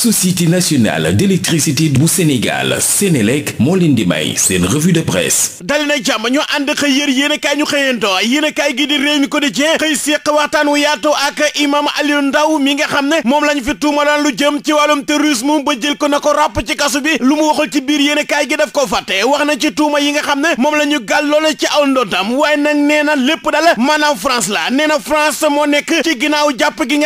société nationale d'électricité bu Sénégal Sénélec moo leen di may seen revue de presse dali na ñu ànd xëy yër yéen a kaay ñu xëyantoo yéen kaay gi di réew mi quotidien xëy séq waxtaan wu yaatu ak imam Aliou Ndaw mi nga xam ne moom lañ fi tuumalaan lu jëm ci wàllum terrorisme ba jël ko na ko ràpp ci kasu bi lu mu waxul ci biir yéen kaay gi daf ko fàtte wax na ci tuuma yi nga xam ne moom la ñu gàlloole ci aw ndontam waaye nag nee na lépp dala la nee na France moo nekk ci ginnaaw jàpp gi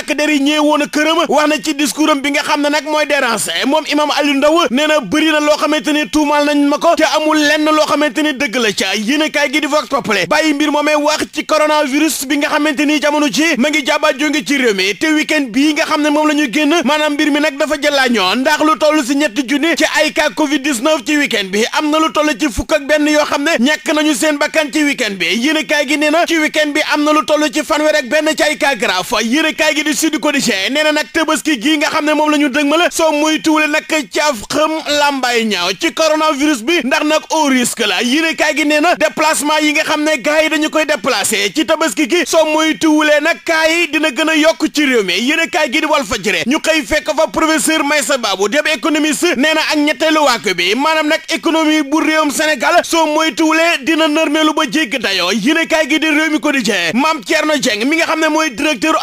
takk der yi ñëwee woon a këram wax na ci discours am bi nga xam ne nag mooy déranger moom imaam Aliou Ndao nee na bëri na loo xamante ni tuumal nañ ma ko te amul lenn loo xamante ni dëgg la ca yéen a kaay gi di vox populi bàyyi mbir moomee wax ci coronavirus bi nga xamante ni jamono ci ma ngi jàbaa jónge ci réew mi te week-end bii nga xam ne moom la ñu génn maanaam mbir mi nag dafa jëlaa ñoo ndax lu toll si ñetti junni ci ay cas covid 19 ci week-end bi am na lu toll ci fukk ak yoo xam ne ñàkk nañu seen bakkan ci week-end bi yéen a kaay gi na ci week-end bi am na lu toll ci fanweer ak benn ci ay cas grave yéen di Sud Quotidien nee na nag Tabaski gii nga xam ne moom la ñu dëgmal soo muy tuule nag caaf xëm lambay ñaaw ci coronavirus bi ndax nag au risque la yéene kaay gi nee na déplacement yi nga xam ne gars yi dañu koy déplacé ci ki gi soo muy tuulee nag kaa yi dina gën a yokk ci réew mi yéene kaay gi di Walf Fadjri ñu xëy fekk fa professeur Maïssa Babou deb économiste nee na ak ñetteelu wàkk bi maanaam nag économie bu réewum Sénégal soo muy tuulee di réew mi Quotidien Mame Thierno Dieng mi mooy directeur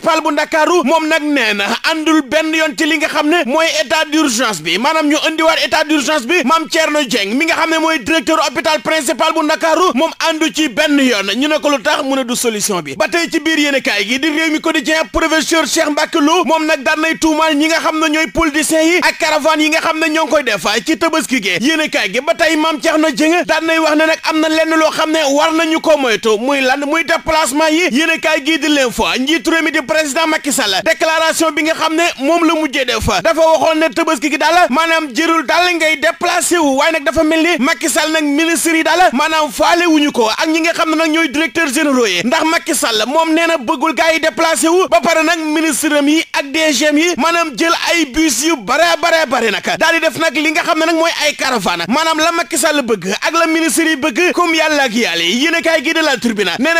municipal bu ndakaaru moom nag nee na àndul benn yoon ci li nga xam ne mooy état d'urgence bi maanaam ñu indiwaat état d'urgence bi maam Thierno Dieng mi nga xam ne mooy directeur hôpital principal bu ndakaaru moom àndu ci benn yoon ñu ne ko lu tax mu ne du solution bi ba tey ci biir yéen kaay gi di réew mi quotidien professeur Cheikh Mbacke Lo moom nag daan nay ñi nga xam ne ñooy politiciens yi ak caravane yi nga xam ne ñoo koy def ci tabaski gi yéen kaay gi ba tey wax ne nag am na lenn loo xam ne war nañu ko moytu muy lan muy déplacement yi yéen kaay gi di leen fa njiitu président Macky Sall déclaration bi nga xam ne moom la mujjee def dafa waxoon ne tabaski gi daal maanaam jërul daal ngay déplacé wu dafa mel ni Macky Sall nag ministre yi daal maanaam wu ñu ko ak ñi nga xam ne nag ñooy directeur généraux yi ndax Macky Sall moom nee na bëggul gars yi déplacé wu ba pare nag ministre am yi yi maanaam jël ay bus yu bare bare bare nag daal di def nag li nga xam ne nag mooy ay caravane maanaam la Macky bëgg ak la ministre yi bëgg comme yàlla ak yàlla yi yéen a kaay gi la tribune nee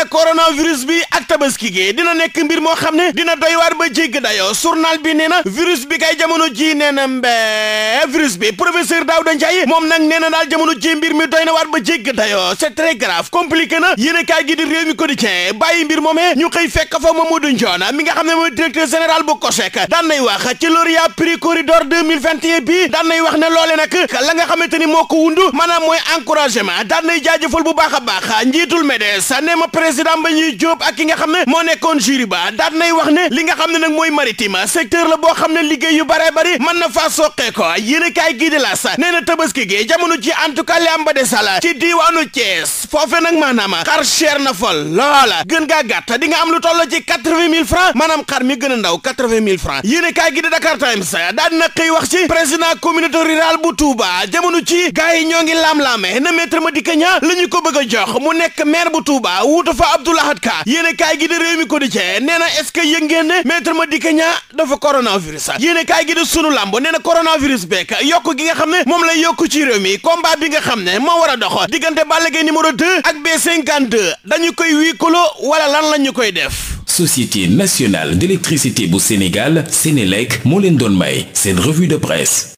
bi moo xam ne dina doy waar ba jégg dayoo journal bi nee na virus bi kay jamono jii nee na mbee virus bi professeur Daouda Ndiaye moom nag nee daal jamono ji mbir mi doy na waar ba jégg dayoo c'est très grave compliqué na yéen kaay gi di réew mi quotidien bàyyi mbir moomee ñu xëy fekk fa Mamadou Ndione mi nga xam ne mooy directeur général bu COSEC daan nay wax ci lauréat prix corridor 2021 bi daan wax ne loole nag la nga xamante ni moo ko wundu maanaam mooy encouragement daan nay jaajëfal bu baax a baax njiitul MEDES ne ma président ba ñuy ki nga xam ne moo nekkoon jury day wax ne li nga xam ne nag mooy maritime secteur la boo xam ne liggéey yu bare bari mën na faa soqee ko yéen a kaay gii di la sa nee na tabaski gi jamono ci en tout cas li am ci diiwaanu Thiès foofe nag maanaam xar cher na fol loola gën ngaa gàtt di am lu toll ci quatre-vingt mille xar mi gën a ndaw quatre-vingt mille francs yéen a kaay gii di xëy wax ci président communauté rurale bu Touba jamono ci gars yi ñoo ngi laam-laame na maître ma Niang la ñu ko a jox mu nekk maire bu Touba wuutu fa a kaay gii que yëg ngeen ne maître Madické Niang dafa coronavirus yéene kaay gi de sunu làmb nee na coronavirus beek yokk gi nga xam ne moom lay yokk ci réew mi combat bi nga xam ne moo war a dox diggante Balla Gaye numéro 2 ak B52 ñu koy wii kulo wala lan la ñu koy def Société nationale d'électricité bu Sénégal Sénélec moo leen doon may seen revue de presse